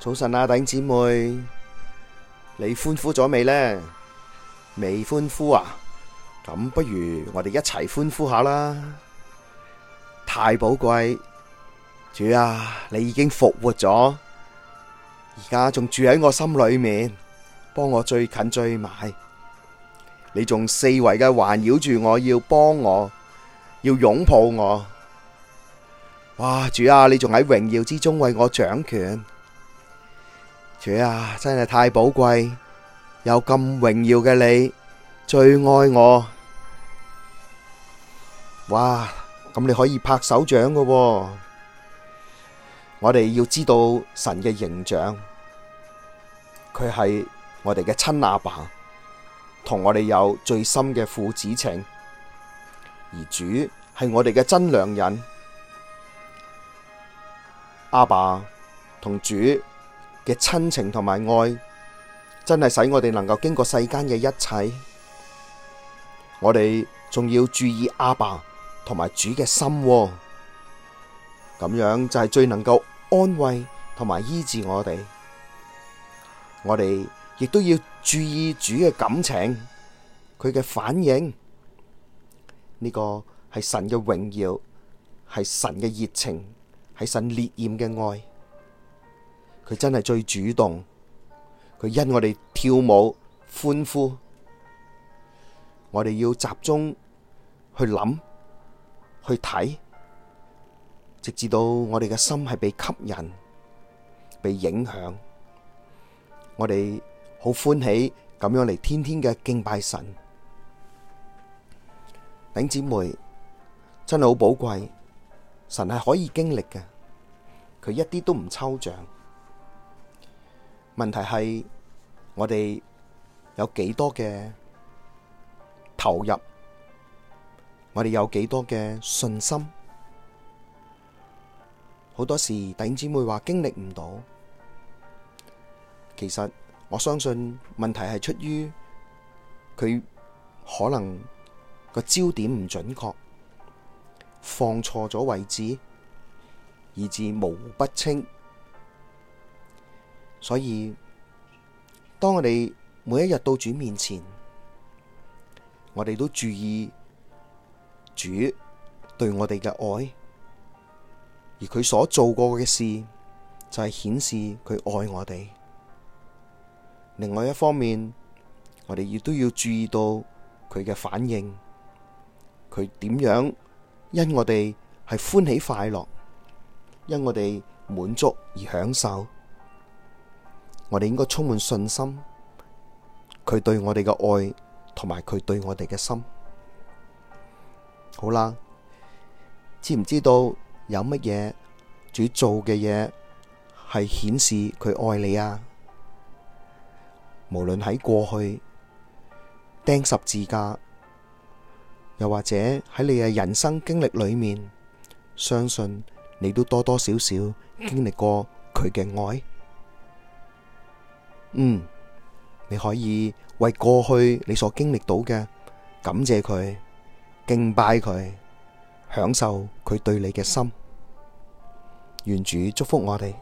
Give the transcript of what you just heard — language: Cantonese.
早晨啊，弟兄姊妹，你歡呼咗未呢？未歡呼啊！咁不如我哋一齊歡呼下啦！太寶貴，主啊，你已經復活咗，而家仲住喺我心裏面，幫我最近最埋，你仲四圍嘅環繞住我，要幫我，要擁抱我。哇，主啊，你仲喺榮耀之中為我掌權。主啊，真係太寶貴，有咁榮耀嘅你最愛我，哇！咁你可以拍手掌㗎喎，我哋要知道神嘅形象，佢係我哋嘅親阿爸，同我哋有最深嘅父子情，而主係我哋嘅真良人，阿爸同主。嘅親情同埋愛，真係使我哋能夠經過世間嘅一切。我哋仲要注意阿爸同埋主嘅心喎，咁樣就係最能夠安慰同埋醫治我哋。我哋亦都要注意主嘅感情，佢嘅反應。呢個係神嘅榮耀，係神嘅熱情，係神烈焰嘅愛。佢真係最主動，佢因我哋跳舞歡呼，我哋要集中去諗去睇，直至到我哋嘅心係被吸引，被影響，我哋好歡喜咁樣嚟，天天嘅敬拜神。頂姊妹真係好寶貴，神係可以經歷嘅，佢一啲都唔抽象。問題係我哋有幾多嘅投入，我哋有幾多嘅信心？好多時弟兄姊妹話經歷唔到，其實我相信問題係出於佢可能個焦點唔準確，放錯咗位置，以致模糊不清。所以，當我哋每一日到主面前，我哋都注意主對我哋嘅愛，而佢所做過嘅事，就係顯示佢愛我哋。另外一方面，我哋亦都要注意到佢嘅反應，佢點樣因我哋係歡喜快樂，因我哋滿足而享受。我哋應該充滿信心，佢對我哋嘅愛同埋佢對我哋嘅心。好啦，知唔知道有乜嘢主做嘅嘢係顯示佢愛你啊？無論喺過去，釘十字架，又或者喺你嘅人生經歷裏面，相信你都多多少少經歷過佢嘅愛。嗯，你可以為過去你所經歷到嘅感謝佢，敬拜佢，享受佢對你嘅心。願主祝福我哋。